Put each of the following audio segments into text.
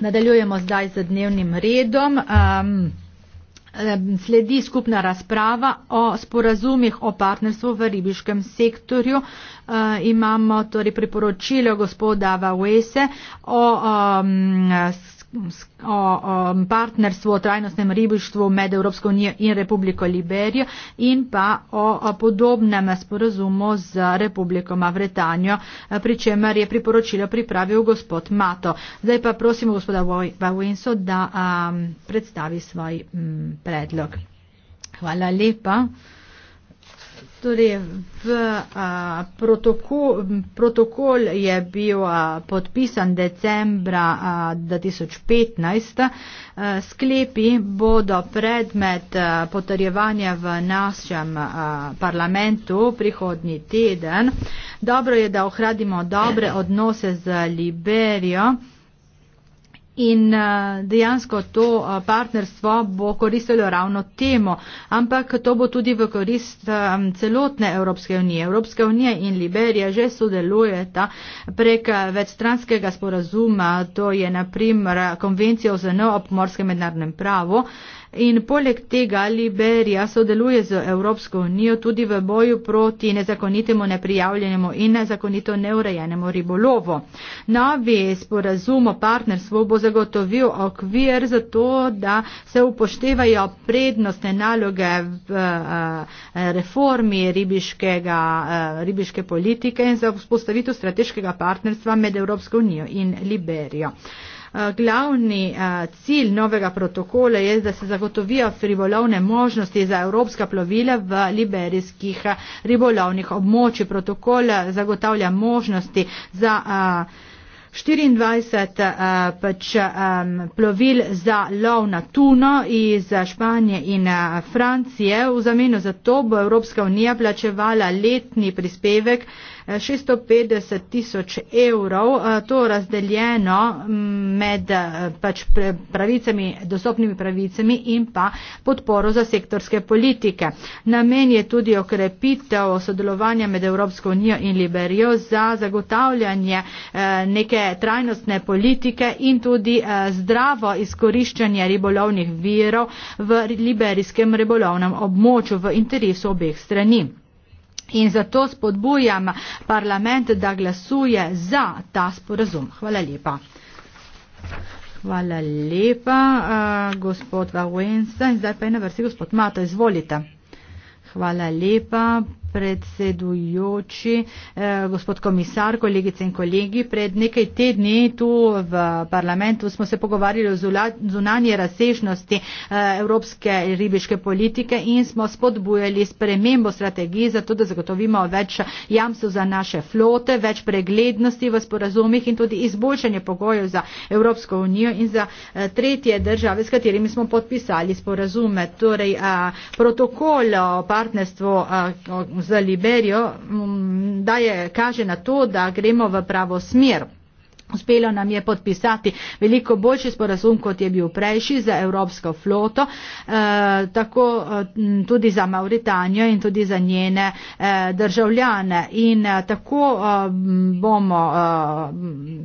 Nadaljujemo zdaj z dnevnim redom. Um, sledi skupna razprava o sporazumih o partnerstvu v ribiškem sektorju. Uh, imamo torej priporočilo gospoda Vavese o um, o partnerstvu, o trajnostnem ribištvu med Evropsko unijo in Republiko Liberijo in pa o podobnem sporazumu z Republiko Mavretanjo, pri čemer je priporočilo pripravil gospod Mato. Zdaj pa prosimo gospoda Vavinso, da um, predstavi svoj um, predlog. Hvala lepa. Torej, v a, protokol, protokol je bil a, podpisan decembra a, 2015. A, sklepi bodo predmet a, potrjevanja v našem a, parlamentu prihodnji teden. Dobro je, da ohradimo dobre odnose z Liberijo. In uh, dejansko to uh, partnerstvo bo koristilo ravno temu, ampak to bo tudi v korist um, celotne Evropske unije. Evropska unija in Liberija že sodelujeta prek večstranskega sporazuma, to je naprimer konvencija o ZNO o pomorskem mednarodnem pravu. Uh, in poleg tega Liberija sodeluje z Evropsko unijo tudi v boju proti nezakonitemu, neprijavljenemu in nezakonito neurejenemu ribolovu. Novi sporazum o partnerstvu bo zagotovil okvir za to, da se upoštevajo prednostne naloge v eh, reformi eh, ribiške politike in za vzpostavitev strateškega partnerstva med Evropsko unijo in Liberijo. Eh, glavni eh, cilj novega protokola je, da se zagotovijo ribolovne možnosti za evropska plovila v liberijskih eh, ribolovnih območjih. Protokol zagotavlja možnosti za 24 pač, plovil za lov na tuno iz Španije in Francije. V zameno za to bo Evropska unija plačevala letni prispevek 650 tisoč evrov, eh, to razdeljeno mm, med eh, pač pravicami, dostopnimi pravicami in pa podporo za sektorske politike. Namen je tudi okrepitev sodelovanja med Evropsko unijo in Liberijo za zagotavljanje eh, neke trajnostne politike in tudi zdravo izkoriščanje ribolovnih virov v liberijskem ribolovnem območju v interesu obeh strani. In zato spodbujam parlament, da glasuje za ta sporazum. Hvala lepa. Hvala lepa, uh, gospod Vawensa. In zdaj pa je na vrsti gospod Mato. Izvolite. Hvala lepa predsedujoči, eh, gospod komisar, kolegice in kolegi. Pred nekaj tedni tu v parlamentu smo se pogovarjali o zunanje razsežnosti eh, evropske ribiške politike in smo spodbujali spremembo strategiji za to, da zagotovimo več jamstv za naše flote, več preglednosti v sporazumih in tudi izboljšanje pogojev za Evropsko unijo in za eh, tretje države, s katerimi smo podpisali sporazume. Torej, eh, protokol o partnerstvu eh, za Liberijo daje, kaže na to, da gremo v pravo smer. Uspelo nam je podpisati veliko boljši sporazum, kot je bil prejši za evropsko floto, eh, tako eh, tudi za Mauritanijo in tudi za njene eh, državljane. In eh, tako eh, bomo eh,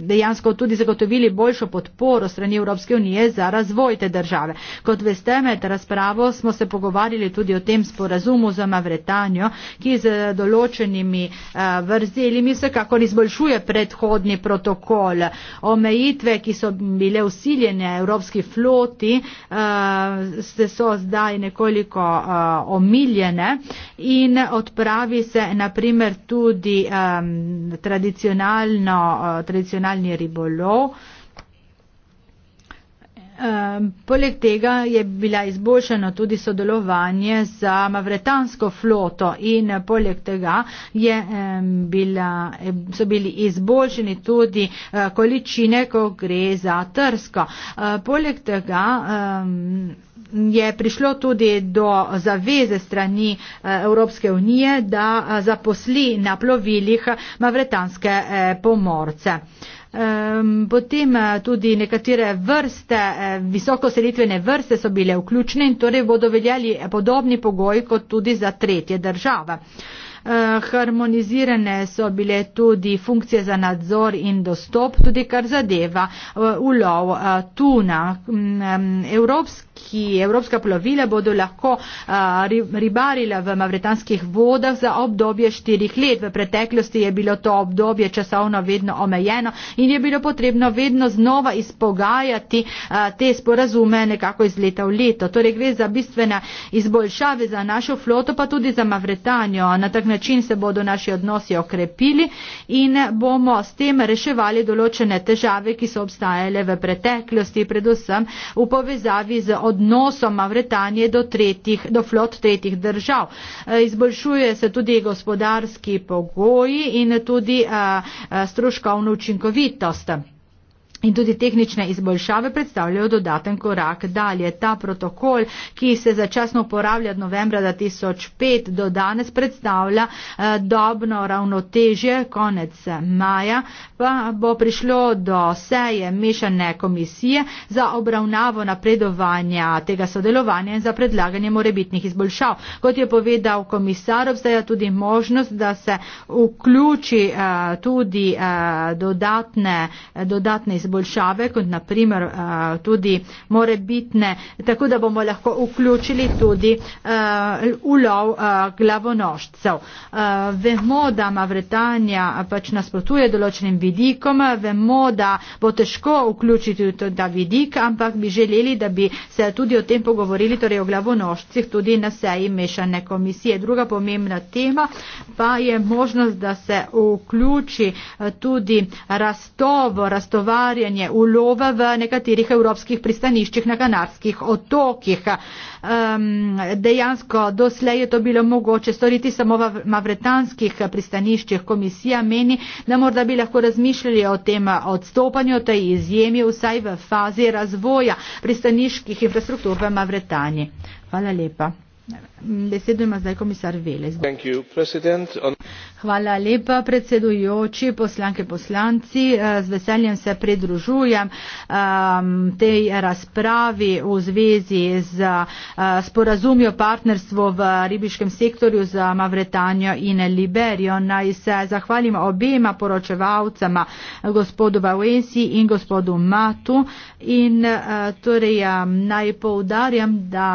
dejansko tudi zagotovili boljšo podporo strani Evropske unije za razvoj te države. Kot veste, med razpravo smo se pogovarjali tudi o tem sporazumu za Mauritanijo, ki z določenimi eh, vrzelimi vsekakor izboljšuje predhodni protokol zgolj omejitve, ki so bile usiljene evropski floti, eh, se so zdaj nekoliko eh, omiljene in odpravi se naprimer tudi eh, tradicionalno, tradicionalni ribolov. Ehm, poleg tega je bila izboljšana tudi sodelovanje za mavretansko floto in eh, poleg tega je, ehm, bila, eh, so bili izboljšeni tudi eh, količine, ko gre za trsko. Poleg tega ehm, je prišlo tudi do zaveze strani Evropske unije, da zaposli na plovilih mavretanske pomorce. Ehm, potem eh, tudi nekatere vrste, eh, visokoselitvene vrste so bile vključene in torej bodo veljali podobni pogoji kot tudi za tretje države. Eh, harmonizirane so bile tudi funkcije za nadzor in dostop, tudi kar zadeva ulov tuna. Mm, ehm, Evropska ki evropska plovila bodo lahko ribarila v mavretanskih vodah za obdobje štirih let. V preteklosti je bilo to obdobje časovno vedno omejeno in je bilo potrebno vedno znova izpogajati te sporazume nekako iz leta v leto. Torej gre za bistvene izboljšave za našo floto, pa tudi za Mavretanjo. Na tak način se bodo naši odnosi okrepili in bomo s tem reševali določene težave, ki so obstajale v preteklosti, predvsem v povezavi z odnosom Mavretanije do, tretjih, do flot tretjih držav. E, izboljšuje se tudi gospodarski pogoji in tudi e, e, stroškovno učinkovitost. In tudi tehnične izboljšave predstavljajo dodaten korak dalje. Ta protokol, ki se začasno uporablja od novembra 2005 do danes, predstavlja eh, dobno ravnotežje. Konec maja pa bo prišlo do seje mešane komisije za obravnavo napredovanja tega sodelovanja in za predlaganje morebitnih izboljšav. Kot je povedal komisar, obstaja tudi možnost, da se vključi eh, tudi eh, dodatne, dodatne izboljšave izboljšave, kot naprimer eh, tudi more bitne, tako da bomo lahko vključili tudi eh, ulov eh, glavonoštcev. Vemo, da Mavretanja pač nasprotuje določenim vidikom, vemo, da bo težko vključiti tudi ta vidik, ampak bi želeli, da bi se tudi o tem pogovorili, torej o glavonoštcih, tudi na seji mešane komisije. Druga pomembna tema pa je možnost, da se vključi tudi rastovo, rastovarje, urejanje ulova v nekaterih evropskih pristaniščih na kanarskih otokih. Um, dejansko doslej je to bilo mogoče storiti samo v mavretanskih pristaniščih. Komisija meni, da morda bi lahko razmišljali o tem odstopanju, tej izjemi vsaj v fazi razvoja pristaniških infrastruktur v Mavretani. Hvala lepa. Hvala lepa, predsedujoči, poslanke, poslanci. Eh, z veseljem se pridružujem ehm, tej razpravi v zvezi z eh, sporazumi o partnerstvu v ribiškem sektorju za Mavretanjo in Liberijo. Naj se zahvalim obema poročevalcama, gospodu Bauensi in gospodu Matu. In eh, torej ehm, naj poudarjam, da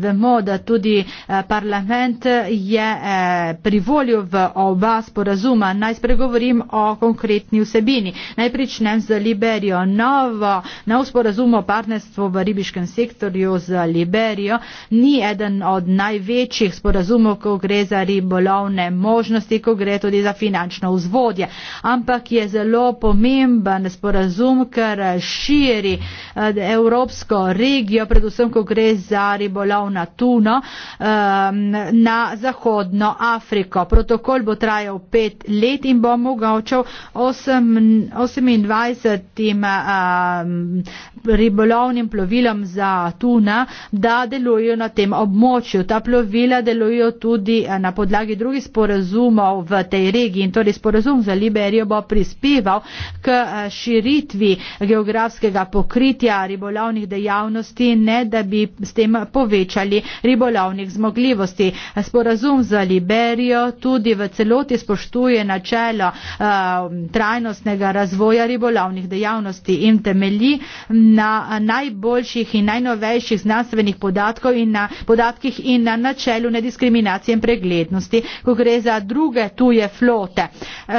vemo, da tudi eh, parlament je eh, privolil v oba sporazuma. Naj spregovorim o konkretni vsebini. Naj pričnem z Liberijo. Novo, nov sporazum o partnerstvu v ribiškem sektorju z Liberijo ni eden od največjih sporazumov, ko gre za ribolovne možnosti, ko gre tudi za finančno vzvodje. Ampak je zelo pomemben sporazum, ker širi eh, evropsko regijo, predvsem ko gre za ribolovna tu 1 ehm, na Zahodno Afriko. Protokol bo trajal pet let in bo omogočal 28 ehm, ribolovnim plovilom za tuna, da delujejo na tem območju. Ta plovila delujejo tudi eh, na podlagi drugih sporazumov v tej regiji in torej sporazum za Liberijo bo prispeval k eh, širitvi geografskega pokritja ribolovnih dejavnosti, ne da bi s tem povečali ribolovnih zmogljivosti. Sporazum za Liberijo tudi v celoti spoštuje načelo um, trajnostnega razvoja ribolovnih dejavnosti in temelji na najboljših in najnovejših znanstvenih podatkov in na podatkih in na načelu nediskriminacije in preglednosti, ko gre za druge tuje flote. Uh,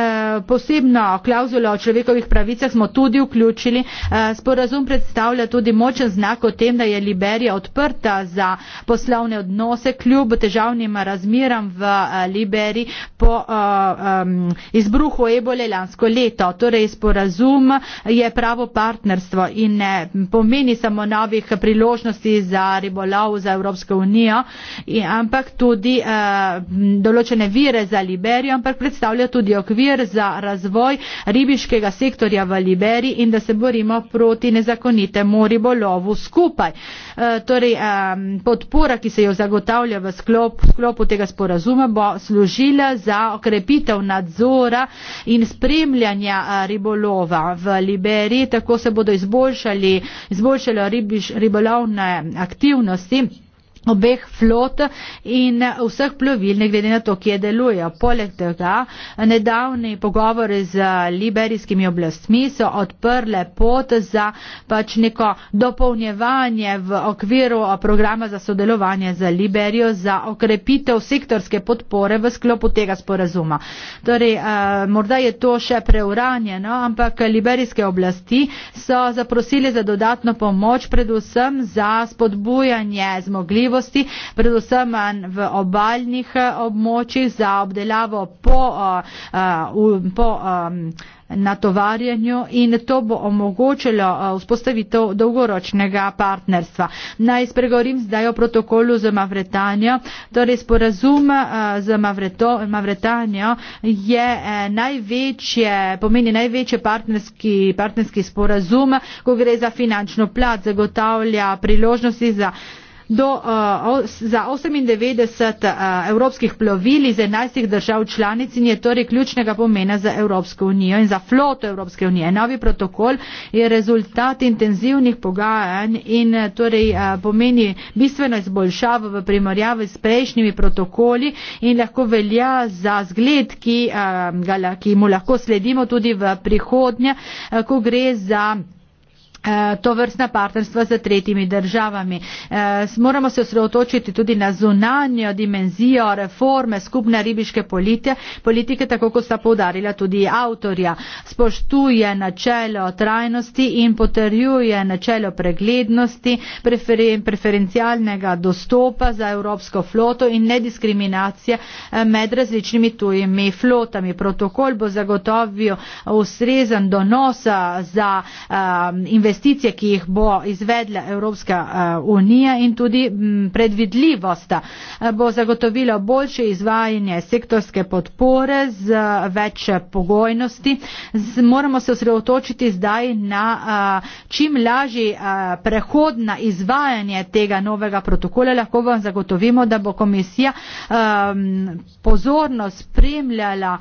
posebno klauzulo o človekovih pravicah smo tudi vključili. Uh, sporazum predstavlja tudi močen znak o tem, da je Liberija odprta za poslovanje poslovne odnose kljub težavnim razmeram v eh, Liberi po um, izbruhu ebole lansko leto. Torej, sporazum je pravo partnerstvo in ne pomeni samo novih priložnosti za ribolov za Evropsko unijo, in, ampak tudi uh, določene vire za Liberijo, ampak predstavlja tudi okvir za razvoj ribiškega sektorja v Liberi in da se borimo proti nezakonitemu ribolovu skupaj. Uh, torej, um, podpora, ki se jo zagotavlja v sklop, sklopu tega sporazuma, bo služila za okrepitev nadzora in spremljanja ribolova v Liberiji, tako se bodo izboljšali, izboljšali ribiš, ribolovne aktivnosti obeh flot in vseh plovil, ne glede na to, kje delujejo. Poleg tega, nedavni pogovori z liberijskimi oblastmi so odprle pot za pač neko dopolnjevanje v okviru programa za sodelovanje z Liberijo za okrepitev sektorske podpore v sklopu tega sporazuma. Torej, eh, morda je to še preuranjeno, ampak liberijske oblasti so zaprosili za dodatno pomoč, predvsem za spodbujanje zmogljivosti pomanjkljivosti, predvsem eh, v obaljnih eh, območjih za obdelavo po, eh, po natovarjanju in to bo omogočilo vzpostavitev dolgoročnega partnerstva. Naj spregovorim zdaj o protokolu z Mavretanjo. Torej, sporazum z Mavreto, Mavretanjo je največje, pomeni največji partnerski, partnerski sporazum, ko gre za finančno plat, zagotavlja priložnosti za do, eh, za osemindevetdeset eh, evropskih plovil iz enajstih držav članic in je torej ključnega pomena za Evropsko unijo in za floto Evropske unije. Novi protokol je rezultat intenzivnih pogajanj in eh, torej pomeni bistveno izboljšavo v primorjavi s prejšnjimi protokoli in lahko velja za zgled, ki, ki mu lahko sledimo tudi v prihodnje, ko gre za Eh, to vrstna partnerstva z tretjimi državami. Eh, moramo se osredotočiti tudi na zunanjo dimenzijo reforme skupne ribiške politike, politike tako kot sta povdarila tudi avtorja. Spoštuje načelo trajnosti in potrjuje načelo preglednosti, preferen, preferencialnega dostopa za evropsko floto in nediskriminacije eh, med različnimi tujimi flotami. Protokol bo zagotovil ustrezan donos za um, investicije investicije, ki jih bo izvedla Evropska eh, unija in tudi mm, predvidljivost eh, bo zagotovilo boljše izvajanje sektorske podpore z eh, več pogojnosti. Moramo se osredotočiti zdaj na čim lažji prehod na izvajanje tega novega protokola. Lahko vam zagotovimo, da bo komisija ehm, pozorno spremljala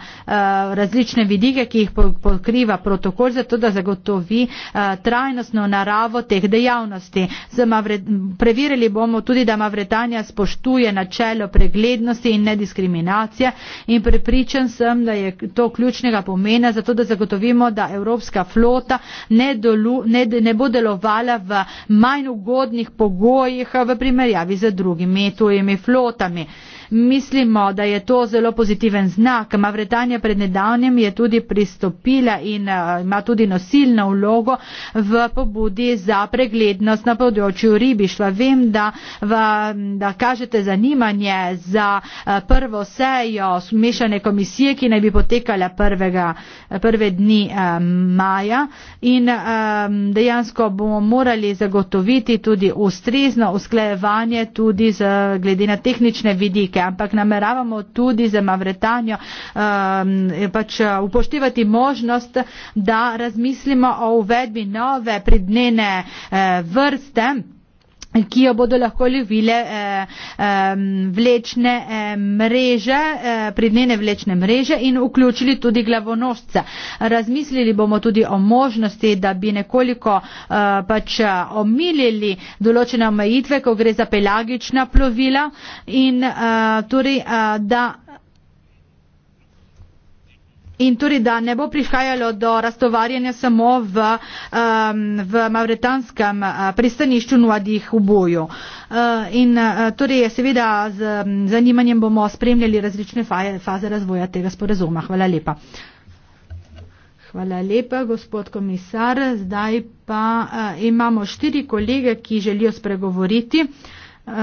različne vidike, ki jih pokriva protokol, zato da zagotovi trajnost trajnostno naravo teh dejavnosti. Mavre, preverili bomo tudi, da Mavretanja spoštuje načelo preglednosti in nediskriminacije in prepričan sem, da je to ključnega pomena zato, da zagotovimo, da evropska flota ne, dolu, ne, ne bo delovala v manj ugodnih pogojih v primerjavi z drugimi tujimi flotami. Mislimo, da je to zelo pozitiven znak. Mavretanja pred nedavnjem je tudi pristopila in eh, ima tudi nosilno vlogo v pobudi za preglednost na področju ribištva. Vem, da, v, da kažete zanimanje za eh, prvo sejo mešane komisije, ki naj bi potekala prvega, prve dni eh, maja in dejansko bomo morali zagotoviti tudi ustrezno usklejevanje tudi z, glede na tehnične vidike. Afrike, ampak nameravamo tudi za Mavretanjo um, pač uh, upoštevati možnost, da razmislimo o uvedbi nove pridnene uh, vrste ki jo bodo lahko ljubile eh, eh, vlečne eh, mreže, eh, pridnene vlečne mreže in vključili tudi glavonosca. Razmislili bomo tudi o možnosti, da bi nekoliko eh, pač omilili določene omejitve, ko gre za pelagična plovila in eh, torej, eh, da. In tudi, da ne bo prihajalo do raztovarjanja samo v, um, v mavretanskem eh, pristanišču mladih v boju. Uh, eh, in uh, torej, seveda, z um, zanimanjem bomo spremljali različne faje, faze razvoja tega sporazuma. Hvala lepa. Hvala lepa, gospod komisar. Zdaj pa uh, imamo štiri kolege, ki želijo spregovoriti. Uh,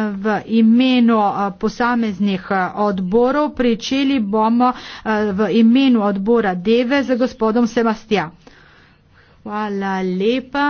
v imenu eh, posameznih eh, odborov. Pričeli bomo eh, v imenu odbora Deve za gospodom Sebastian. Hvala lepa,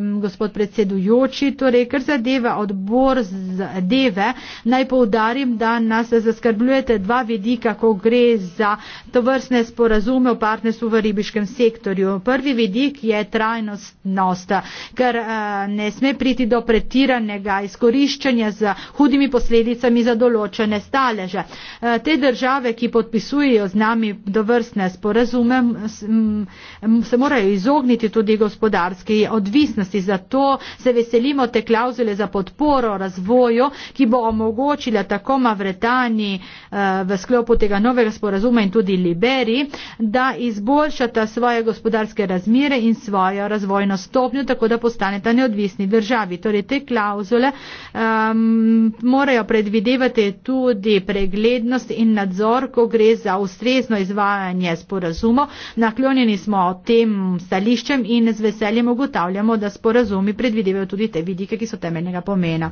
um, gospod predsedujoči. Torej, kar zadeva odbor zadeve, naj povdarim, da nas zaskrbljujete dva vidika, ko gre za tovrstne sporazume o partnerstvu v ribiškem sektorju. Prvi vidik je trajnostnost, ker uh, ne sme priti do pretiranega izkoriščanja z hudimi posledicami za določene staleže. Uh, te države, ki podpisujejo z nami tovrstne sporazume, se morajo izobraziti izogniti tudi gospodarski odvisnosti. Zato se veselimo te klauzule za podporo razvoju, ki bo omogočila tako Mavretani eh, v sklopu tega novega sporazuma in tudi Liberi, da izboljšata svoje gospodarske razmire in svojo razvojno stopnjo, tako da postaneta neodvisni državi. Torej, te klauzule um, ehm, morajo predvidevati tudi preglednost in nadzor, ko gre za ustrezno izvajanje sporazumov. Naklonjeni smo tem stališčem, stališčem in z veseljem ugotavljamo, da sporazumi predvidevajo tudi te vidike, ki so temeljnega pomena.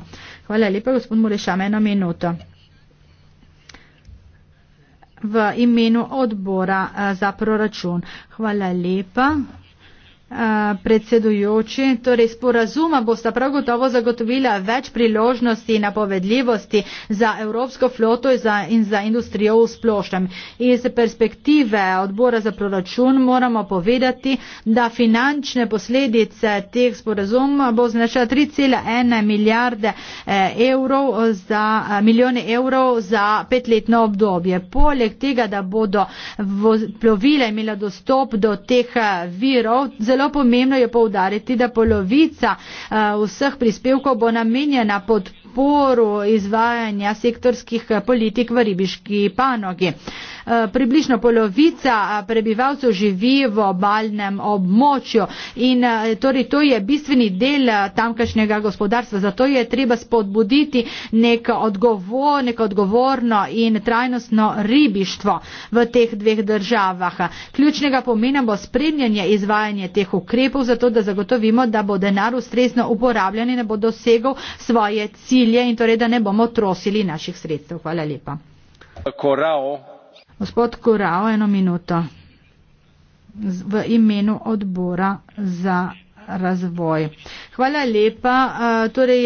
Hvala lepa, gospod Murešam, eno minuto. V imenu odbora eh, za proračun. Hvala lepa predsedujoči. Torej, sporazuma bosta prav gotovo zagotovila več priložnosti in napovedljivosti za evropsko floto in za, in za industrijo v splošnem. Iz perspektive odbora za proračun moramo povedati, da finančne posledice teh sporazuma bo znašala 3,1 milijarde e, evrov za e, milijone evrov za petletno obdobje. Poleg tega, da bodo plovila imela dostop do teh e, virov, zelo Zelo pomembno je povdariti, da polovica eh, vseh prispevkov bo namenjena podporu izvajanja sektorskih politik v ribiški panogi. Eh, približno polovica eh, prebivalcev živi v obaljnem območju in eh, torej to je bistveni del tamkajšnjega gospodarstva, zato je treba spodbuditi neko, odgovor, neko odgovorno in trajnostno ribištvo v teh dveh državah. Ključnega pomena bo spremljanje izvajanja teh ukrepov, zato da zagotovimo, da bo denar ustrezno uporabljen in da bo dosegel svoje cilje in torej da ne bomo trosili naših sredstev. Hvala lepa. Korao Gospod Korao, eno minuto. V imenu odbora za razvoj. Hvala lepa. Torej,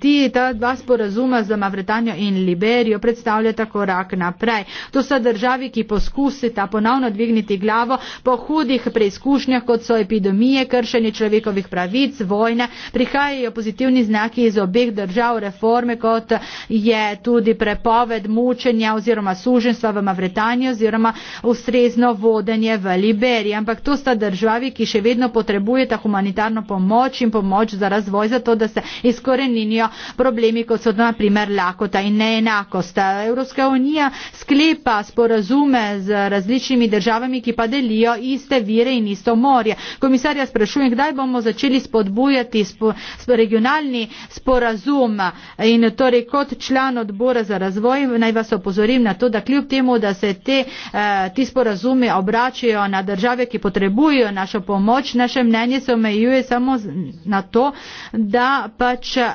ti ta dva sporazuma za Mavretanjo in Liberijo predstavljata korak naprej. To so državi, ki poskusita ponovno dvigniti glavo po hudih preizkušnjah, kot so epidemije, kršenje človekovih pravic, vojne. Prihajajo pozitivni znaki iz obeh držav reforme, kot je tudi prepoved mučenja oziroma suženstva v Mavretanji oziroma ustrezno vodenje v Liberiji. Ampak to sta državi, ki še vedno potrebujeta humanitarno humanitarno pomoč in pomoč za razvoj, zato da se izkoreninijo problemi, kot so na primer lakota in neenakost. Evropska unija sklepa sporazume z različnimi državami, ki pa delijo iste vire in isto morje. Komisarja sprašujem, kdaj bomo začeli spodbujati spo, regionalni sporazum in torej kot član odbora za razvoj naj vas opozorim na to, da kljub temu, da se te, eh, ti sporazumi obračajo na države, ki potrebujejo našo pomoč, naše mnenje so omejuje samo na to, da pač eh,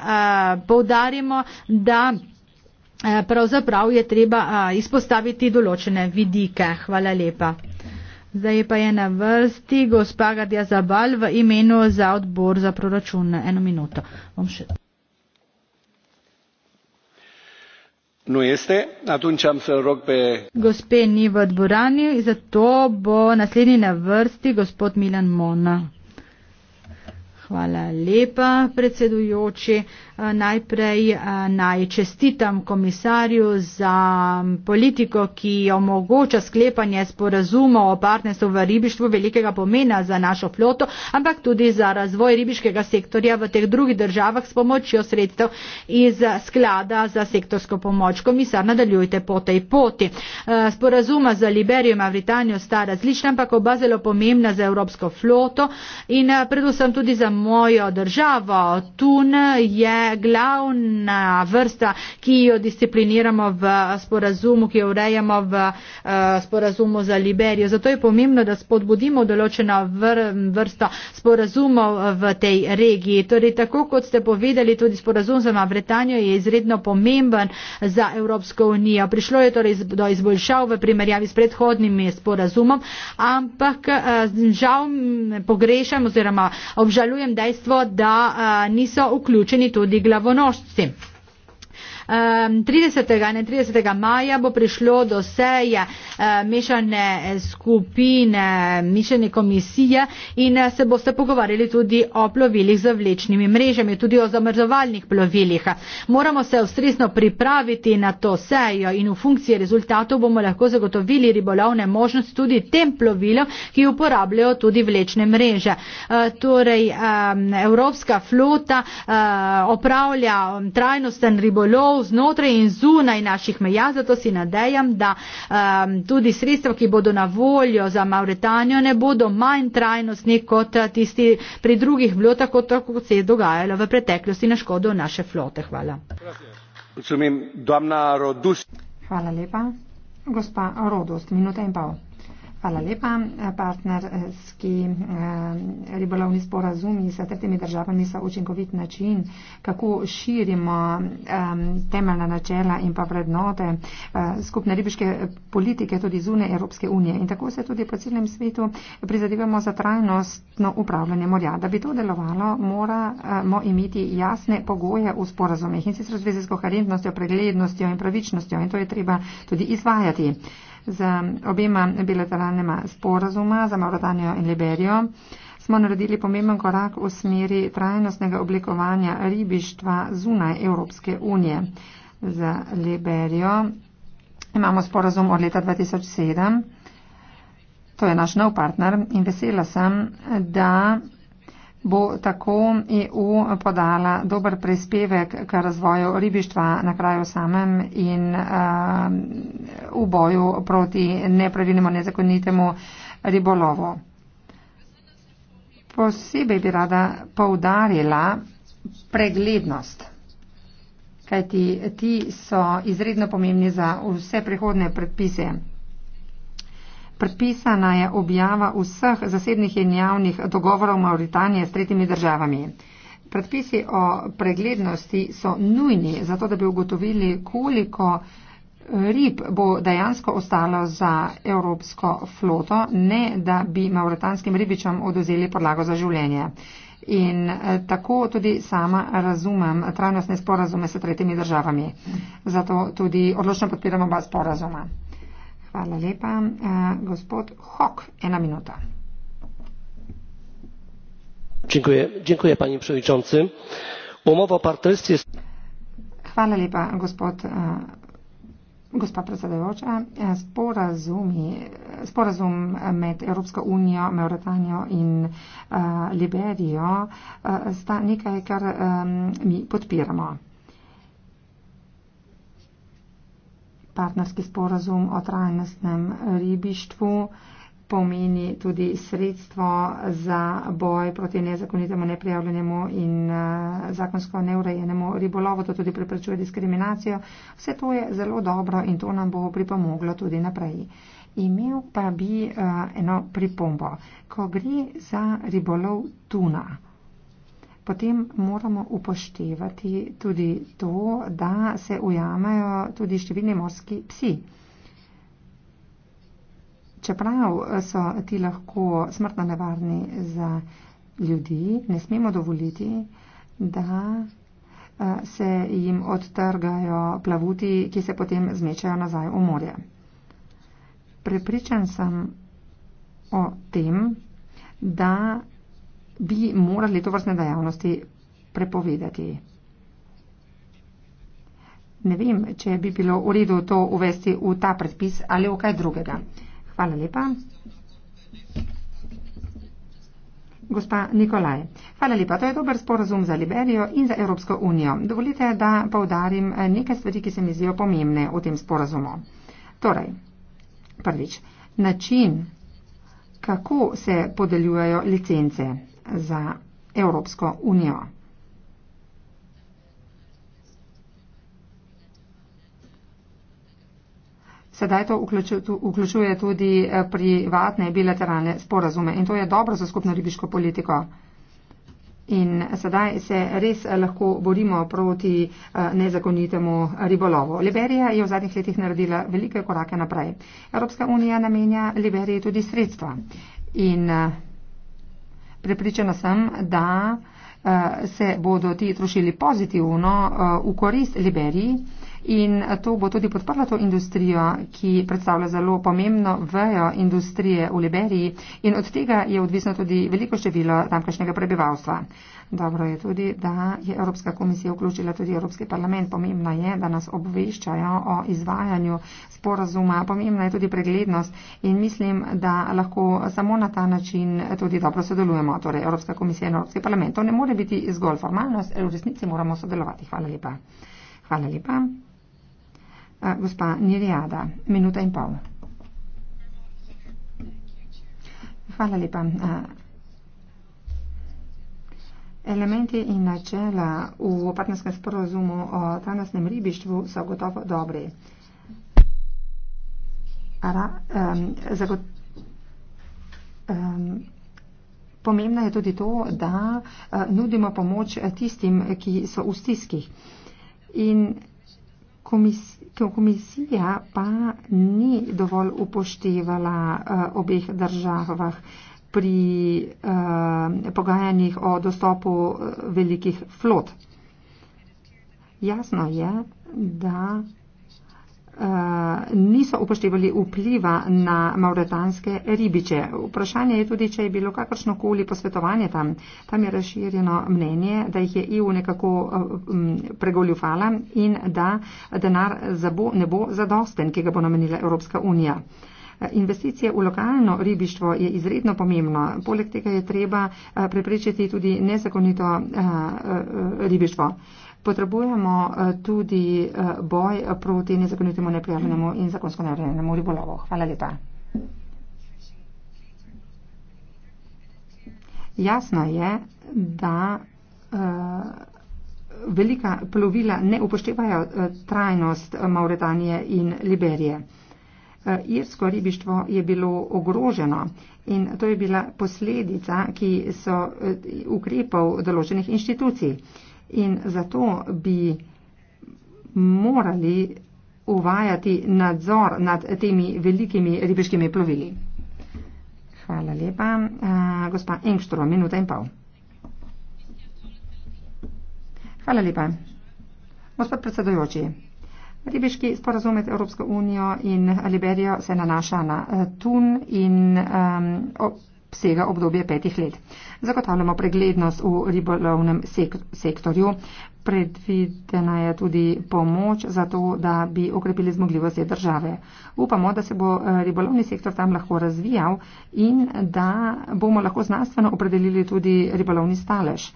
poudarimo, da eh, pravzaprav je treba eh, izpostaviti določene vidike. Hvala lepa. Zdaj pa je na vrsti gospa Gadja Zabal v imenu za odbor za proračun. Eno minuto. Bom še. Nu este, atunci am să rog pe... Gospe ni v dvorani, zato bo naslednji na vrsti gospod Milan Mona. Hvala lepa, predsedujoči. Eh, najprej eh, naj čestitam komisarju za mm, politiko, ki omogoča sklepanje sporazumov o partnerstvu v ribištvu velikega pomena za našo floto, ampak tudi za razvoj ribiškega sektorja v teh drugih državah s pomočjo sredstev iz sklada za sektorsko pomoč. Komisar, nadaljujte po tej poti. Eh, sporazuma za Liberijo in Mavritanijo sta različna, ampak oba zelo pomembna za evropsko floto in predvsem tudi za mojo državo. Tun je glavna vrsta, ki jo discipliniramo v sporazumu, ki jo urejamo v uh, sporazumu za Liberijo. Zato je pomembno, da spodbudimo določeno vr vrsto sporazumov v tej regiji. Torej, tako kot ste povedali, tudi sporazum za Mavretanjo je izredno pomemben za Evropsko unijo. Prišlo je torej do izboljšav v primerjavi s predhodnim sporazumom, ampak uh, žal pogrešam oziroma obžalujem, pomembnem dejstvu, da eh, niso vključeni tudi glavonošci. 30. Ne, 30. maja bo prišlo do seje eh, mešane eh, skupine, mešane komisije in eh, se boste pogovarjali tudi o plovilih za vlečnimi mrežami, tudi o zamrzovalnih plovilih. Moramo se ustresno pripraviti na to sejo in v funkciji rezultatov bomo lahko zagotovili ribolovne možnosti tudi tem plovilom, ki uporabljajo tudi vlečne mreže. Torej, Evropska flota opravlja trajnosten ribolov, prav znotraj in zunaj naših meja, zato si nadejam, da um, tudi sredstva, ki bodo na voljo za Mauretanijo, ne bodo manj trajnostni kot eh, tisti pri drugih vlotah, kot tako se je dogajalo v preteklosti na škodo naše flote. Hvala. Hvala lepa. Gospa Rodost, minuta in pol. Hvala lepa. Partnerski eh, ribolovni sporazumi s tretjimi državami so učinkovit način, kako širimo temeljna načela in pa vrednote eh, skupne ribiške politike tudi zune Evropske unije. In tako se tudi po celem svetu prizadevamo za trajnostno upravljanje morja. Da bi to delovalo, moramo eh, imeti jasne pogoje v sporazumih in sicer v zvezi z koherentnostjo, preglednostjo in pravičnostjo. In to je treba tudi izvajati z obima bilateralnima sporazuma za Mauritanijo in Liberijo smo naredili pomemben korak v smeri trajnostnega oblikovanja ribištva zunaj Evropske unije. Za Liberijo imamo sporazum od leta 2007, to je naš nov partner in vesela sem, da bo tako EU podala dober prispevek k razvoju ribištva na kraju samem in uh, v boju proti nepravilnemu nezakonitemu ribolovu. Posebej bi rada poudarila preglednost, kajti ti so izredno pomembni za vse prihodne predpise predpisana je objava vseh zasebnih in javnih dogovorov Mauritanije s tretjimi državami. Predpisi o preglednosti so nujni za to, da bi ugotovili, koliko rib bo dejansko ostalo za evropsko floto, ne da bi mauritanskim ribičem oduzeli podlago za življenje. In eh, tako tudi sama razumem trajnostne sporazume s tretjimi državami. Zato tudi odločno podpiramo oba sporazuma. Hvala lepa. Uh, gospod Hock, ena minuta. Dziękuję, dziękuję panie przewodniczący. Umowa o partnerstwie. Hvala lepa, gospod. Uh, Gospa predsedujoča, eh, sporazum med Evropsko unijo, Mauritanijo in uh, Liberijo uh, sta nekaj, kar um, mi podpiramo. partnerski sporazum o trajnostnem ribištvu pomeni tudi sredstvo za boj proti nezakonitemu, neprijavljenemu in eh, zakonsko neurejenemu ribolovu, to tudi preprečuje diskriminacijo. Vse to je zelo dobro in to nam bo pripomoglo tudi naprej. Imel pa bi uh, eno pripombo. Ko gre za ribolov tuna, potem moramo upoštevati tudi to, da se ujamajo tudi številni morski psi. Čeprav so ti lahko smrtno nevarni za ljudi, ne smemo dovoliti, da eh, se jim odtrgajo plavuti, ki se potem zmečajo nazaj v morje. Prepričan sem o tem, da bi morali to vrstne dejavnosti prepovedati. Ne vem, če bi bilo v redu to uvesti v ta predpis ali v kaj drugega. Hvala lepa. Gospa Nikolaj, hvala lepa. To je dober sporazum za Liberijo in za Evropsko unijo. Dovolite, da povdarim nekaj stvari, ki se mi zdijo pomembne v tem sporazumu. Torej, prvič, način, kako se podeljujejo licence za Evropsko unijo. Sedaj to vključuje tudi eh, privatne bilateralne sporazume in to je dobro za skupno ribiško politiko. In sedaj se res eh, lahko borimo proti eh, nezakonitemu ribolovu. Liberija je v zadnjih letih naredila velike korake naprej. Evropska unija namenja Liberiji tudi sredstva. In Prepričana sem, da eh, se bodo ti trošili pozitivno eh, v korist Liberiji in to bo tudi podprlo to industrijo, ki predstavlja zelo pomembno vejo industrije v Liberiji in od tega je odvisno tudi veliko število tamkajšnjega prebivalstva. Dobro je tudi, da je Evropska komisija vključila tudi Evropski parlament. Pomembno je, da nas obveščajo o izvajanju sporazuma. Pomembna je tudi preglednost in mislim, da lahko samo na ta način tudi dobro sodelujemo. Torej, Evropska komisija in Evropski parlament. To ne more biti zgolj formalnost, v resnici moramo sodelovati. Hvala lepa. Hvala lepa gospa Nirjada. Minuta in pol. Hvala lepa. Elementi in načela v partnerskem sporozumu o trajnostnem ribištvu so gotovo dobri. Ra, um, zagot, um, pomembno je tudi to, da uh, nudimo pomoč tistim, ki so v stiski. In komisija komisija pa ni dovolj upoštevala uh, obeh državah pri uh, pogajanjih o dostopu eh, velikih flot. Jasno je, da Eh, niso upoštevali vpliva na mauretanske ribiče. Vprašanje je tudi, če je bilo kakršnokoli posvetovanje tam. Tam je razširjeno mnenje, da jih je EU nekako eh, pregoljufala in da denar ne bo zadosten, ki ga bo namenila Evropska unija. Eh, investicije v lokalno ribištvo je izredno pomembno. Poleg tega je treba preprečiti tudi nezakonito ribištvo potrebujemo eh, tudi eh, boj eh, proti nezakonitemu, neprijavljenemu in zakonsko narejenemu ribolovu. Hvala lepa. Jasno je, da uh, velika plovila ne upoštevajo uh, trajnost Mauretanije in Liberije. Uh, irsko ribištvo je bilo ogroženo in to je bila posledica, ki so uh, ukrepov določenih inštitucij. Uh, In zato bi morali uvajati nadzor nad temi velikimi ribiškimi plovili. Hvala lepa. Uh, gospa Engštro, minuta in pol. Hvala lepa. Gospod predsedojoči, ribiški sporazum med Evropsko unijo in Liberijo se nanaša na eh, tun in um, obsega obdobje petih let. Zagotavljamo preglednost v ribolovnem sek sektorju. Predvidena je tudi pomoč za to, da bi okrepili zmogljivosti države. Upamo, da se bo eh, ribolovni sektor tam lahko razvijal in da bomo lahko znanstveno opredelili tudi ribolovni stalež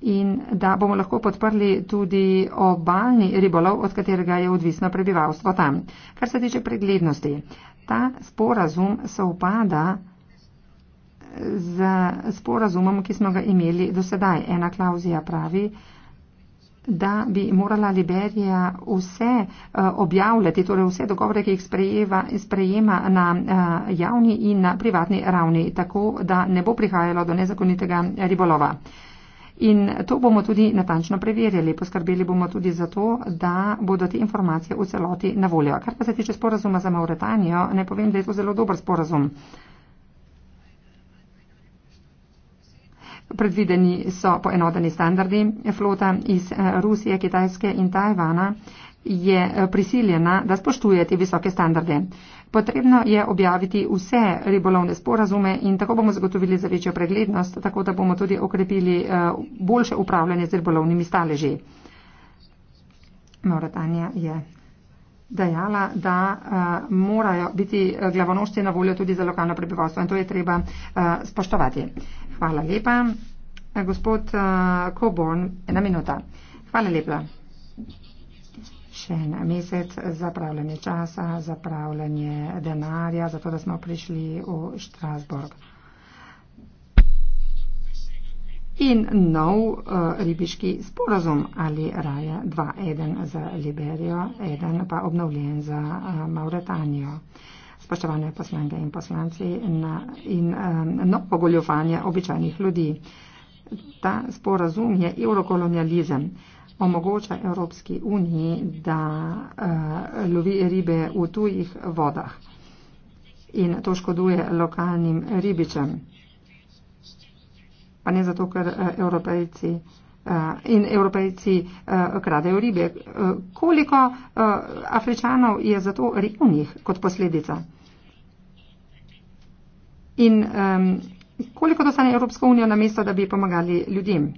in da bomo lahko podprli tudi obaljni ribolov, od katerega je odvisno prebivalstvo tam. Kar se tiče preglednosti, ta sporazum se upada z sporazumom, ki smo ga imeli do sedaj. Ena klauzija pravi, da bi morala Liberija vse eh, objavljati, torej vse dogovore, ki jih sprejema, sprejema na eh, javni in na privatni ravni, tako da ne bo prihajalo do nezakonitega ribolova. In to bomo tudi natančno preverjali. Poskrbeli bomo tudi za to, da bodo te informacije v celoti na voljo. Kar pa se tiče sporazuma za Mauretanijo, ne povem, da je to zelo dober sporazum. Uh, Predvideni so poenoteni standardi. Flota iz eh, Rusije, Kitajske in Tajvana je eh, prisiljena, da spoštuje te visoke standarde. Potrebno je objaviti vse ribolovne sporazume in tako bomo zagotovili za večjo preglednost, tako da bomo tudi okrepili eh, boljše upravljanje z ribolovnimi staleži. Mauretanija je dejala, da uh, morajo biti glavonošci na voljo tudi za lokalno prebivalstvo in to je treba uh, spoštovati. Uh, Hvala lepa. Gospod eh, Coburn, ena minuta. Hvala lepa. Še en mesec za pravljanje časa, za pravljanje denarja, zato da smo prišli v Štrasburg. In nov eh, ribiški sporazum ali raje dva, eden za Liberijo, eden pa obnovljen za eh, Mauretanijo spoštovane poslanke in poslanci na, in na no, pogoljovanje običajnih ljudi. Ta sporazum je eurokolonializem. Omogoča Evropski uniji, da uh, lovi ribe v tujih vodah in to škoduje lokalnim ribičem. Pa ne zato, ker uh, evropejci uh, in evropejci uh, kradejo ribe. Uh, koliko uh, afričanov je zato revnih kot posledica? in um, koliko dostane Evropska unija na mesto, da bi pomagali ljudem.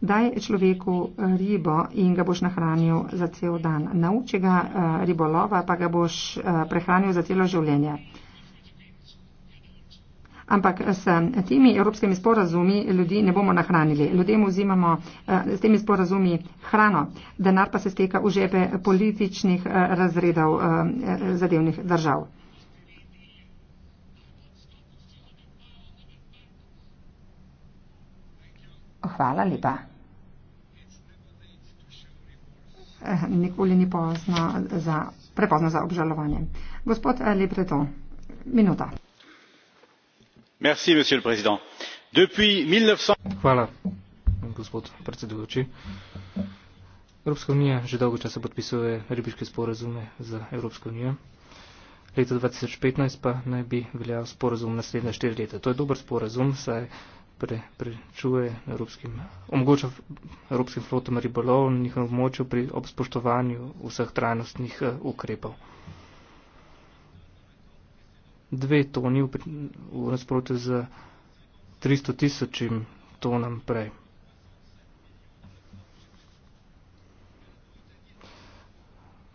Daj človeku eh, ribo in ga boš nahranil za cel dan. Nauči ga uh, ribolova, pa ga boš uh, prehranil za celo življenje. Ampak s temi evropskimi sporazumi ljudi ne bomo nahranili. Ljudem vzimamo s temi sporazumi hrano, denar pa se steka v žepe političnih razredov zadevnih držav. Hvala lepa. Eh, nikoli ni pozno za, prepozno za obžalovanje. Gospod Le Breton, minuta. Merci, monsieur le président. Depuis 1900... Hvala, gospod predsedujoči. Evropska unija že dolgo časa podpisuje ribiške sporazume za Evropsko unijo. Leta 2015 pa naj bi veljal sporazum naslednje štiri leta. To je dober sporazum, saj pre, prečuje evropskim, omogoča evropskim flotom ribolov na njihovem območju pri obspoštovanju vseh trajnostnih eh, ukrepov. Dve toni v, v nasprotju z 300 tisočim tonam prej.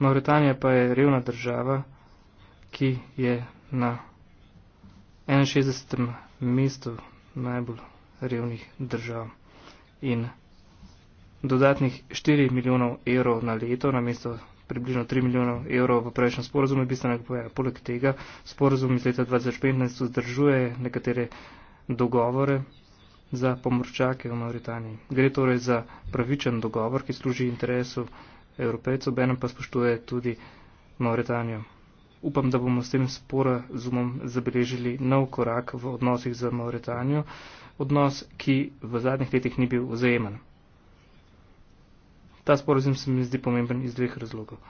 Mauritanija pa je revna država, ki je na 61. mestu najbolj revnih držav. In dodatnih 4 milijonov evrov na leto, namesto približno 3 milijonov evrov v prejšnjem sporozumu, bi se nekaj povedal. Poleg tega sporozum iz leta 2015 vzdržuje nekatere dogovore za pomorčake v Mauritaniji. Gre torej za pravičen dogovor, ki služi interesu evropejcev, benem pa spoštuje tudi Mauritanijo. Upam, da bomo s tem sporazumom zabeležili nov korak v odnosih z Mauretanijo, odnos, ki v zadnjih letih ni bil vzajemen. Ta sporazum se mi zdi pomemben iz dveh razlogov.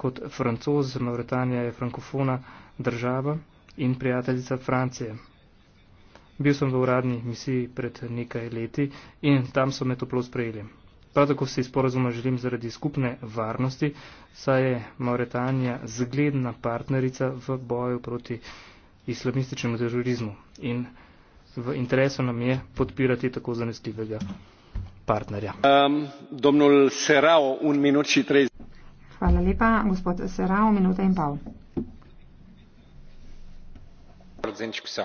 Kot francoz, Mauretanija je frankofona država in prijateljica Francije. Bil sem v uradni misiji pred nekaj leti in tam so me toplo sprejeli. Prav tako se iz sporazuma želim zaradi skupne varnosti, saj je Mauretanija zgledna partnerica v boju proti islamističnemu terorizmu in v interesu nam je podpirati tako zanesljivega partnerja. Um, Hvala lepa, gospod Serao, minuta in pol. Zdaj, če sem.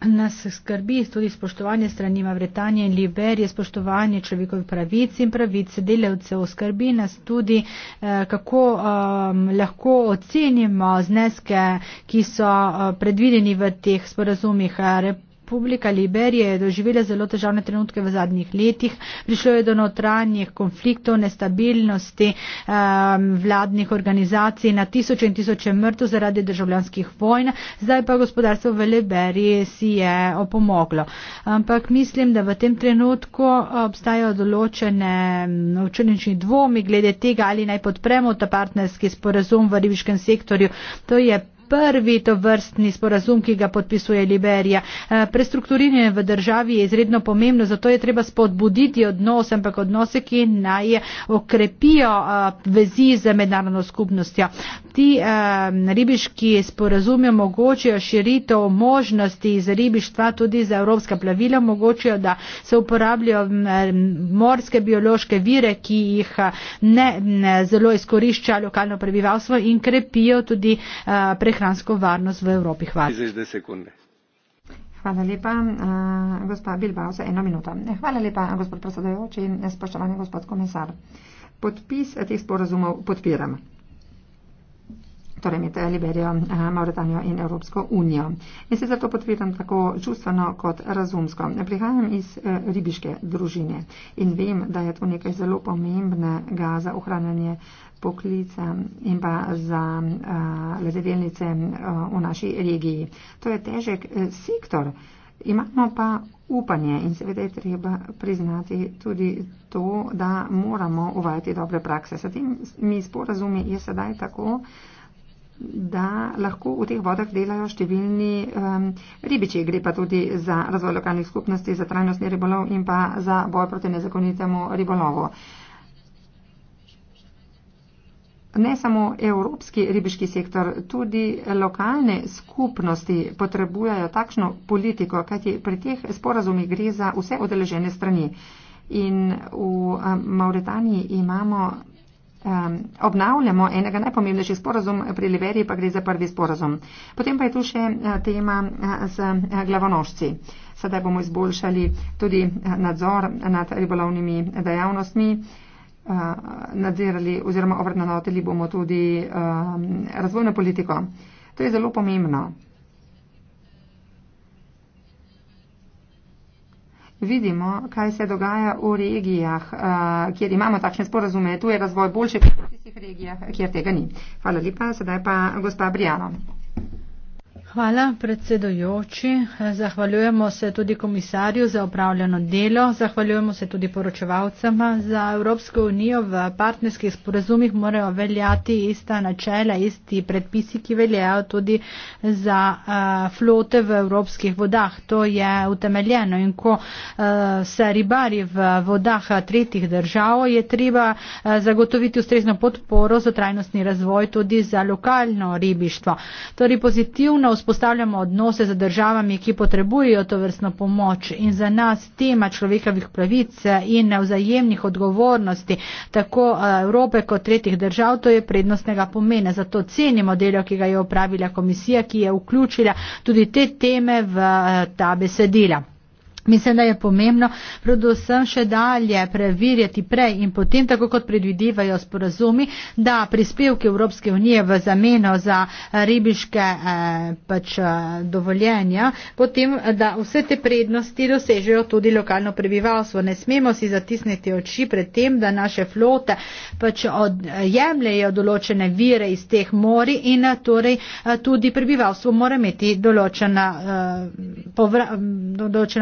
nas skrbi tudi spoštovanje strani Mavretanje in Liberije, spoštovanje človekovih pravic in pravic delavcev. Skrbi nas tudi, eh, kako um, lahko ocenimo zneske, ki so eh, predvideni v teh sporazumih. Rep Republika Liberije je doživela zelo težavne trenutke v zadnjih letih. Prišlo je do notranjih konfliktov, nestabilnosti um, vladnih organizacij, na tisoče in tisoče mrtev zaradi državljanskih vojn. Zdaj pa gospodarstvo v Liberiji si je opomoglo. Ampak mislim, da v tem trenutku obstajajo določene učenični dvomi glede tega, ali naj podpremo ta partnerski sporazum v ribiškem sektorju. To je prvi to vrstni sporazum, ki ga podpisuje Liberija. Eh, prestrukturiranje v državi je izredno pomembno, zato je treba spodbuditi odnose, ampak odnose, ki naj okrepijo eh, vezi z mednarodno skupnostjo ti um, ribiški sporazumi omogočajo širitev možnosti iz ribištva tudi za evropska plavila, omogočajo, da se uporabljajo um, morske biološke vire, ki jih ne, ne zelo izkorišča lokalno prebivalstvo in krepijo tudi uh, prehransko varnost v Evropi. Hvala. Hvala lepa, uh, gospa Bilbao, za eno minuto. Hvala lepa, gospod predsedajoči in spoštovani gospod komisar. Podpis teh sporazumov podpiram torej med eh, Liberijo, eh, Mauritanijo in Evropsko unijo. In se zato potvedam tako čustveno kot razumsko. Prihajam iz eh, ribiške družine in vem, da je to nekaj zelo pomembnega za ohranjanje poklica in pa za uh, ledevelnice uh, v naši regiji. To je težek uh, sektor, imamo pa upanje in seveda je treba priznati tudi to, da moramo uvajati dobre prakse. S tem mi sporazumi je sedaj tako, uh, da lahko v teh vodah delajo številni um, ribiči. Gre pa tudi za razvoj lokalnih skupnosti, za trajnostni ribolov in pa za boj proti nezakonitemu ribolovu. Ne samo evropski ribiški sektor, tudi lokalne skupnosti potrebujejo takšno politiko, kajti pri teh sporazumih gre za vse odeležene strani. In v um, Mauritaniji imamo um, obnavljamo enega najpomembnejših sporazum pri Liberiji, pa gre za prvi sporazum. Potem pa je tu še eh, tema eh, z eh, glavonošci. Sedaj bomo izboljšali tudi nadzor nad ribolovnimi dejavnostmi. Nadzirali oziroma obrednotili bomo tudi um, razvojno politiko. To je zelo pomembno. vidimo, kaj se dogaja v regijah, eh, kjer imamo takšne sporazume. Tu je razvoj boljši kot v tistih regijah, kjer tega ni. Hvala lepa. Sedaj pa gospa Briano. Hvala predsedojoči. Zahvaljujemo se tudi komisarju za upravljeno delo. Zahvaljujemo se tudi poročevalcema. Za Evropsko unijo v partnerskih sporazumih morajo veljati ista načela, isti predpisi, ki veljajo tudi za flote v evropskih vodah. To je utemeljeno. In ko se ribari v vodah tretjih držav, je treba zagotoviti ustrezno podporo za trajnostni razvoj tudi za lokalno ribištvo. Torej, vzpostavljamo odnose z državami, ki potrebujejo to vrstno pomoč in za nas tema človekovih pravic in vzajemnih odgovornosti tako eh, Evrope kot tretjih držav, to je prednostnega pomena. Zato cenimo delo, ki ga je opravila komisija, ki je vključila tudi te teme v eh, ta besedila. Mislim, da je pomembno predvsem še dalje preverjati prej in potem, tako kot predvidevajo sporazumi, da prispevke Evropske unije v zameno za ribiške eh, pač, eh, dovoljenja, potem, da vse te prednosti dosežejo tudi lokalno prebivalstvo. Ne smemo si zatisniti oči pred tem, da naše flote pač odjemljajo določene vire iz teh mori in eh, torej eh, tudi prebivalstvo mora imeti določeno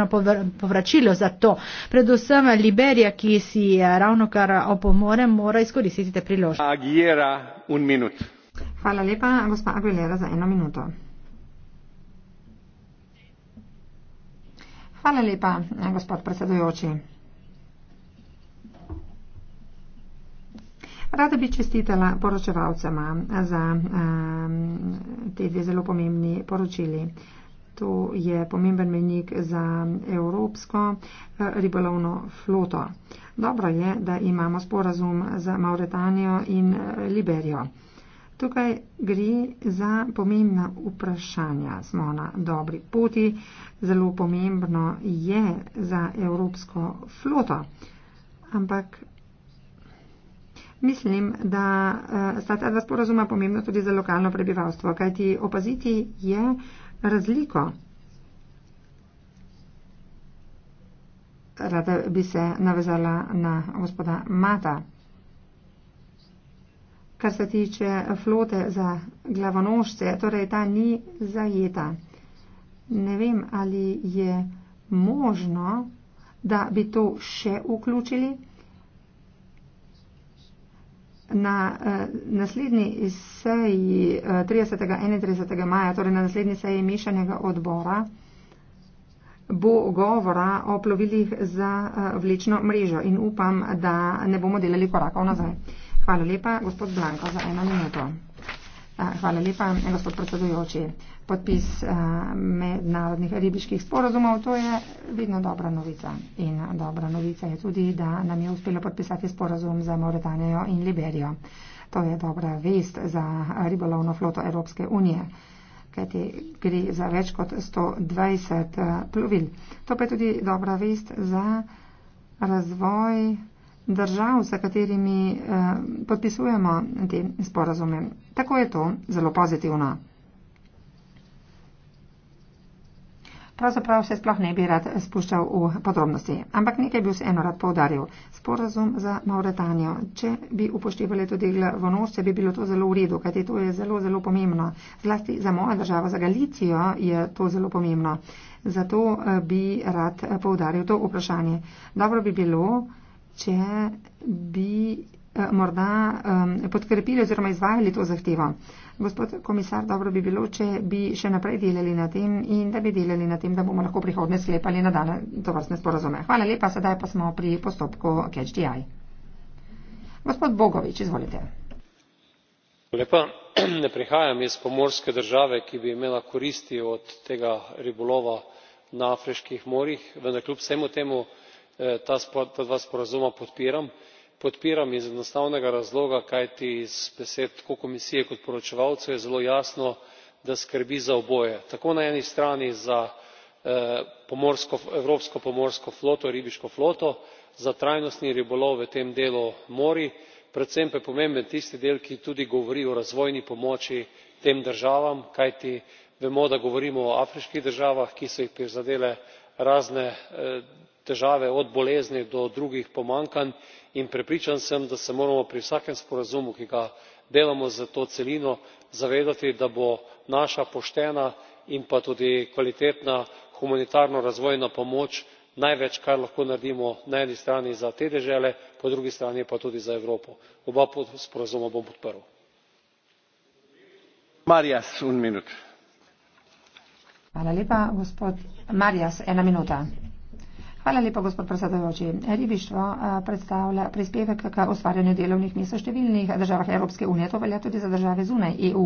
povr povračilo za to. Predvsem Liberija, ki si eh, ravno kar opomore, mora izkoristiti te priložnosti. Hvala lepa, gospa Aguilera, za eno minuto. Hvala lepa, eh, gospod predsedujoči. Rada bi čestitala poročevalcema za um, te dve zelo pomembni poročili. Uh, To je pomemben menik za evropsko eh, ribolovno floto. Dobro je, da imamo sporazum za Mauretanijo in eh, Liberijo. Tukaj gre za pomembna vprašanja. Smo na dobri poti. Zelo pomembno je za evropsko floto. Ampak mislim, da eh, sta ta dva sporazuma pomembna tudi za lokalno prebivalstvo. Kajti opaziti je, razliko. Rada bi se navezala na gospoda Mata. Kar se tiče flote za glavonožce, torej ta ni zajeta. Ne vem, ali je možno, da bi to še vključili. Na uh, naslednji seji uh, 30. in 31. maja, torej na naslednji seji mešanega odbora, bo govora o plovilih za uh, vlečno mrežo in upam, da ne bomo delali korakov nazaj. Hvala lepa, gospod Blanko, za eno minuto. Hvala lepa, gospod predsedujoči. Podpis mednarodnih ribiških sporozumov, to je vidno dobra novica. In dobra novica je tudi, da nam je uspelo podpisati sporozum za Mauritanijo in Liberijo. To je dobra vest za ribolovno floto Evropske unije, kajti gre za več kot 120 eh, plovil. To pa je tudi dobra vest za razvoj držav, s katerimi eh, podpisujemo te sporazume. Tako je to zelo pozitivno. Pravzaprav se sploh ne bi rad spuščal v podrobnosti, ampak nekaj bi vseeno rad povdaril. Sporazum za Mauretanijo. Če bi upoštevali tudi glavonošče, bi bilo to zelo v redu, kajti to je zelo, zelo pomembno. Zlasti za mojo državo, za Galicijo je to zelo pomembno. Zato eh, bi rad eh, povdaril to vprašanje. Dobro bi bilo, če bi eh, morda um, podkrepili oziroma izvajali to zahtevo. Gospod komisar, dobro bi bilo, če bi še naprej delali na tem in da bi delali na tem, da bomo lahko prihodne sklepali nadalje to vrstne sporozume. Hvala lepa, sedaj pa smo pri postopku CatchDI. Gospod Bogovič, izvolite. Lepa, ne prihajam iz pomorske države, ki bi imela koristi od tega ribolova na afriških morjih, vendar kljub vsemu temu Eh, ta dva sporazuma podpiram. podpiram iz enostavnega razloga kajti iz besed tako komisije kot poročevalcev je zelo jasno da skrbi za oboje tako na eni strani za eh, evropsko pomorsko floto ribiško floto za trajnostni ribolov v tem delu morij predvsem pa je pomemben tisti del ki tudi govori o razvojni pomoči tem državam kajti vemo da govorimo o afriških državah ki so jih prizadele razne eh, težave od bolezni do drugih pomanjkanj in prepričan sem da se moramo pri vsakem sporazumu ki ga delamo za to celino zavedati da bo naša poštena in pa tudi kvalitetna humanitarno razvojna pomoč največ kar lahko naredimo na eni strani za te dežele po drugi strani pa tudi za evropo. oba sporazuma bom podprl. Hvala lepa, gospod predsedajoči. Ribištvo eh, predstavlja prispevek k ustvarjanju delovnih mest v številnih državah Evropske unije. To velja tudi za države zunaj EU.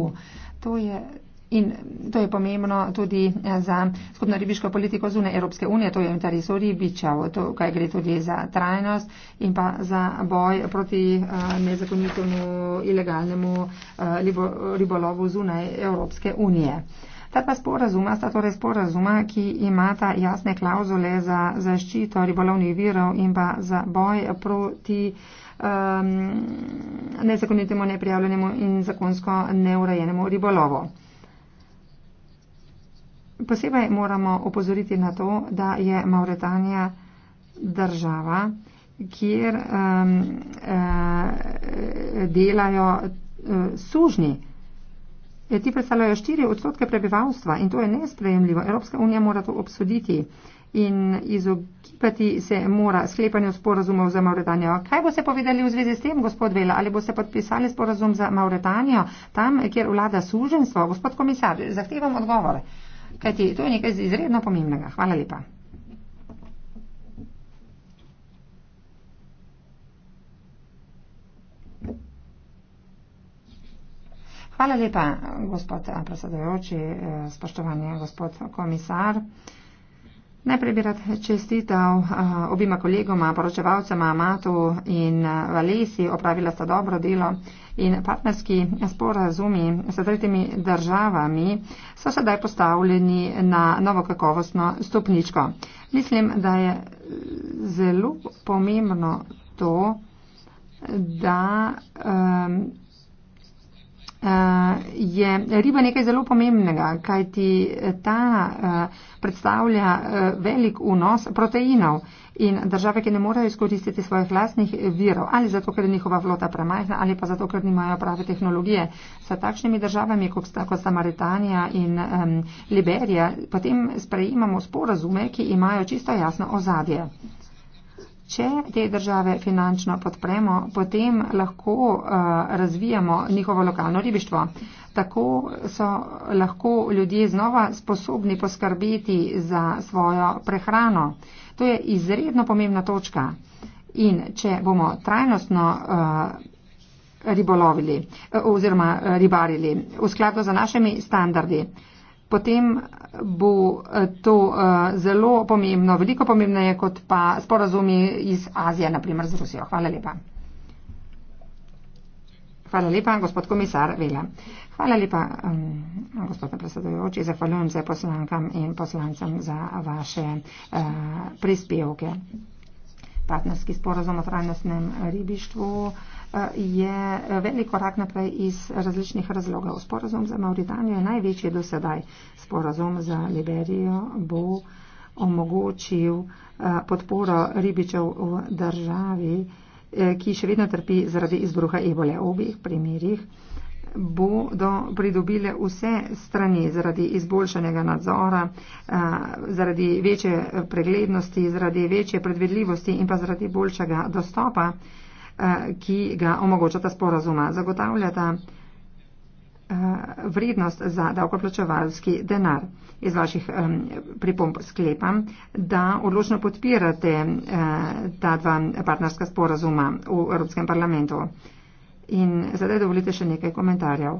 To je, in to je pomembno tudi eh, za skupno ribiško politiko zunaj Evropske unije. To je v interesu ribičev, kaj gre tudi za trajnost in pa za boj proti eh, nezakonitemu, ilegalnemu ribolovu zunaj Evropske unije. Ta dva sporazuma sta torej sporazuma, ki imata jasne klauzule za zaščito ribolovnih virov in pa za boj proti um, nezakonitemu, neprijavljenemu in zakonsko neurejenemu ribolovu. Posebej moramo opozoriti na to, da je Mauretanija država, kjer um, uh, delajo uh, eh, sužni. Ja, ti predstavljajo 4 odstotke prebivalstva in to je nesprejemljivo. Evropska unija mora to obsoditi in izogibati se mora sklepanju sporazumov za Mauretanijo. Kaj bo se povedali v zvezi s tem, gospod Vela, ali bo se podpisali sporazum za Mauretanijo tam, kjer vlada suženstvo? Gospod komisar, zahtevam odgovore, kajti to je nekaj izredno pomembnega. Hvala lepa. Hvala lepa, gospod predsedujoči, spoštovani gospod komisar. Najprej bi rad čestital eh, obima kolegoma, poročevalcema Amatu in eh, Valesi, opravila sta dobro delo in partnerski sporazumi s tretjimi državami so sedaj postavljeni na novo kakovostno stopničko. Mislim, da je zelo pomembno to, da um, Eh, je riba nekaj zelo pomembnega, kajti eh, ta eh, predstavlja velik unos proteinov in države, ki ne morejo izkoristiti svojih vlastnih virov, ali zato, ker je njihova flota premajhna, ali pa zato, ker nimajo prave tehnologije. S takšnimi državami, kot sta Maritanija in um, Liberija, potem sprejemamo sporazume, ki imajo čisto jasno ozadje. Če te države finančno podpremo, potem lahko uh, razvijamo njihovo lokalno ribištvo. Tako so lahko ljudje znova sposobni poskrbeti za svojo prehrano. To je izredno pomembna točka. In če bomo trajnostno uh, ribolovili eh, oziroma ribarili v skladu z našimi standardi, uh, potem bo eh, to eh, zelo pomembno, veliko pomembneje kot pa sporazumi iz Azije, naprimer z Rusijo. Hvala lepa. Hvala lepa, gospod komisar Vela. Hvala lepa, um, gospod predsedujoči. Zahvaljujem se poslankam in poslancem za vaše uh, prispevke partnerski sporozum o trajnostnem ribištvu eh, je velik korak naprej iz različnih razlogov. Sporozum za Mauritanijo je največji do sedaj. Sporozum za Liberijo bo omogočil eh, podporo ribičev v državi, eh, ki še vedno trpi zaradi izbruha ebole. V obih primerjih bodo pridobile vse strani zaradi izboljšanega nadzora, eh, zaradi večje preglednosti, zaradi večje predvedljivosti in pa zaradi boljšega dostopa, eh, ki ga omogočata sporazuma. Zagotavljata eh, vrednost za davkoplačevalski denar. Iz vaših pripomp sklepam, da odločno podpirate ta dva partnerska sporazuma v Evropskem parlamentu. In zdaj dovolite še nekaj komentarjev.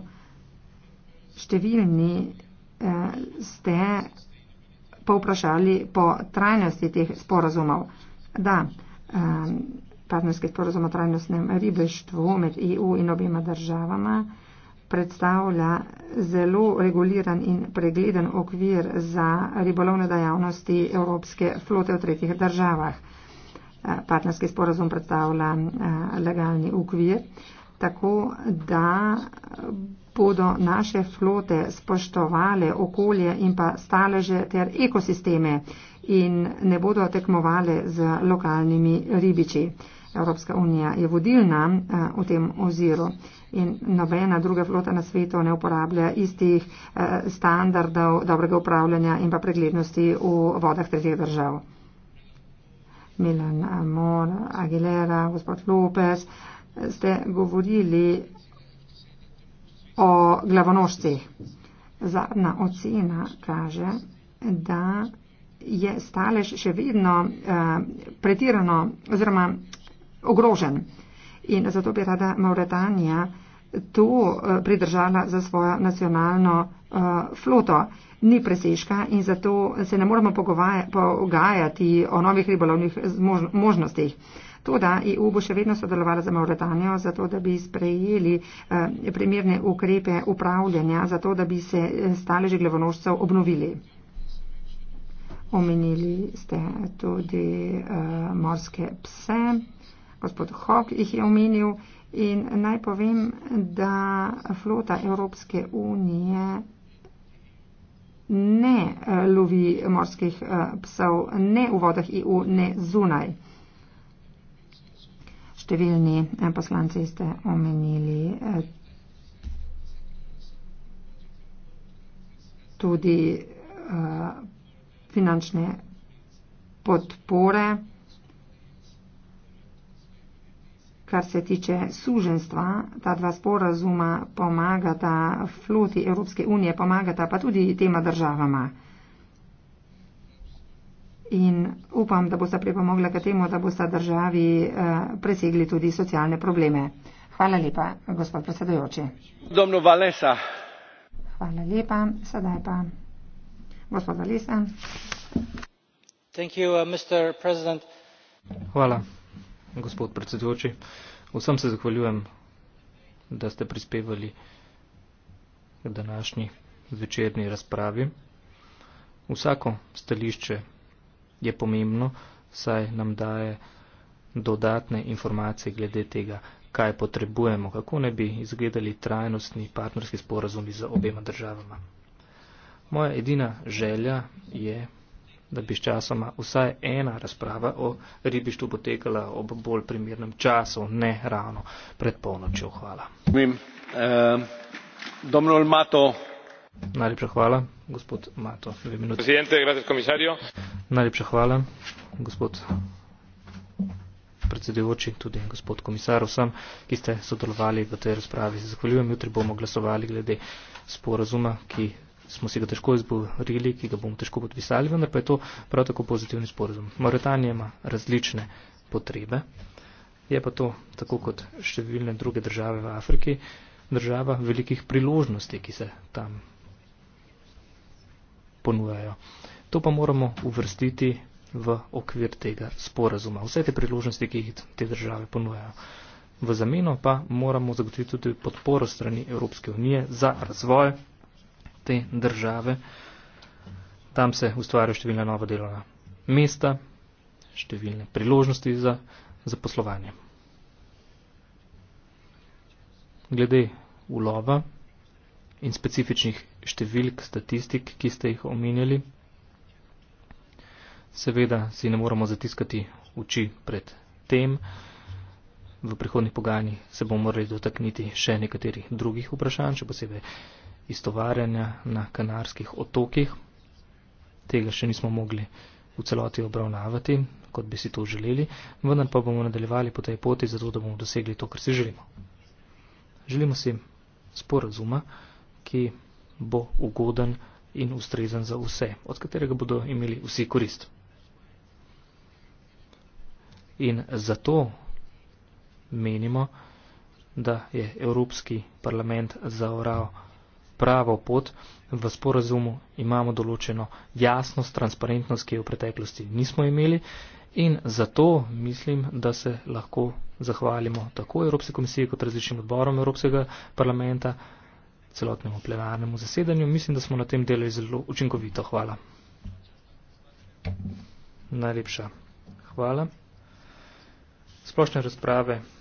Številni eh, ste povprašali po trajnosti teh sporazumov. Da, eh, partnerski sporazum o trajnostnem ribištvu med EU in objema državama predstavlja zelo reguliran in pregleden okvir za ribolovne dejavnosti evropske flote v tretjih državah. Eh, partnerski sporazum predstavlja eh, legalni okvir, tako da bodo naše flote spoštovale okolje in pa staleže ter ekosisteme in ne bodo tekmovale z lokalnimi ribiči. Evropska unija je vodilna eh, v tem oziru in nobena druga flota na svetu ne uporablja istih eh, standardov dobrega upravljanja in pa preglednosti v vodah tretjih držav. Milan Amor, eh, Aguilera, gospod Lopez, ste govorili o glavonožcih. Zadnja ocena kaže, da je stalež še vedno eh, pretirano oziroma ogrožen. In zato bi rada Mauretanija to eh, pridržala za svojo nacionalno eh, floto. Ni presežka in zato se ne moremo pogajati o novih ribolovnih možnostih. Eh, To, da EU bo še vedno sodelovala z Mauretanijo, zato da bi sprejeli eh, primerne ukrepe upravljanja, zato da bi se eh, staleži glavonožcev obnovili. Omenili ste tudi uh, morske pse, gospod Hock jih je omenil in naj povem, da flota Evropske unije ne uh, lovi morskih uh, psov, ne v vodah EU, ne zunaj številni eh, poslanci ste omenili eh, tudi eh, finančne podpore, kar se tiče suženstva, ta dva sporazuma pomagata floti Evropske unije, pomagata pa tudi tema državama in upam, da bosta pripomogla k temu, da bosta državi eh, presegli tudi socialne probleme. Hvala lepa, gospod predsedujoči. Domno Valesa. Hvala lepa, sedaj pa gospod Valesa. Uh, Hvala, gospod predsedujoči. Vsem se zahvaljujem, da ste prispevali k današnji večerni razpravi. Vsako stališče je pomembno, saj nam daje dodatne informacije glede tega, kaj potrebujemo, kako ne bi izgledali trajnostni partnerski sporazumi z obema državama. Moja edina želja je, da bi s časoma vsaj ena razprava o ribištu potekala ob bolj primernem času, ne ravno pred polnočjo. Hvala. Mim, uh, Najlepša hvala, gospod Mato. Najlepša hvala, gospod predsedujoči, tudi gospod komisar, vsem, ki ste sodelovali v tej razpravi. Zahvaljujem, jutri bomo glasovali glede sporazuma, ki smo si ga težko izborili, ki ga bomo težko podpisali, vendar pa je to prav tako pozitivni sporazum. Mauritanija ima različne potrebe, je pa to tako kot številne druge države v Afriki, država velikih priložnosti, ki se tam ponujajo. To pa moramo uvrstiti v okvir tega sporazuma. Vse te priložnosti, ki jih te države ponujajo. V zameno pa moramo zagotoviti tudi podporo strani Evropske unije za razvoj te države. Tam se ustvarjajo številna nova delovna mesta, številne priložnosti za zaposlovanje. Glede ulova in specifičnih številk, statistik, ki ste jih omenjali. Seveda si ne moramo zatiskati oči pred tem. V prihodnih pogajanjih se bomo morali dotakniti še nekaterih drugih vprašanj, še posebej istovarjanja na kanarskih otokih. Tega še nismo mogli v celoti obravnavati, kot bi si to želeli, vendar pa bomo nadaljevali po tej poti, zato da bomo dosegli to, kar si želimo. Želimo si sporazuma, ki bo ugoden in ustrezen za vse, od katerega bodo imeli vsi korist. In zato menimo, da je Evropski parlament zaoral pravo pot. V sporazumu imamo določeno jasnost, transparentnost, ki jo v preteklosti nismo imeli. In zato mislim, da se lahko zahvalimo tako Evropske komisije kot različnim odborom Evropskega parlamenta, celotnemu plenarnemu zasedanju. Mislim, da smo na tem delali zelo učinkovito. Hvala. Najlepša hvala. Splošne razprave.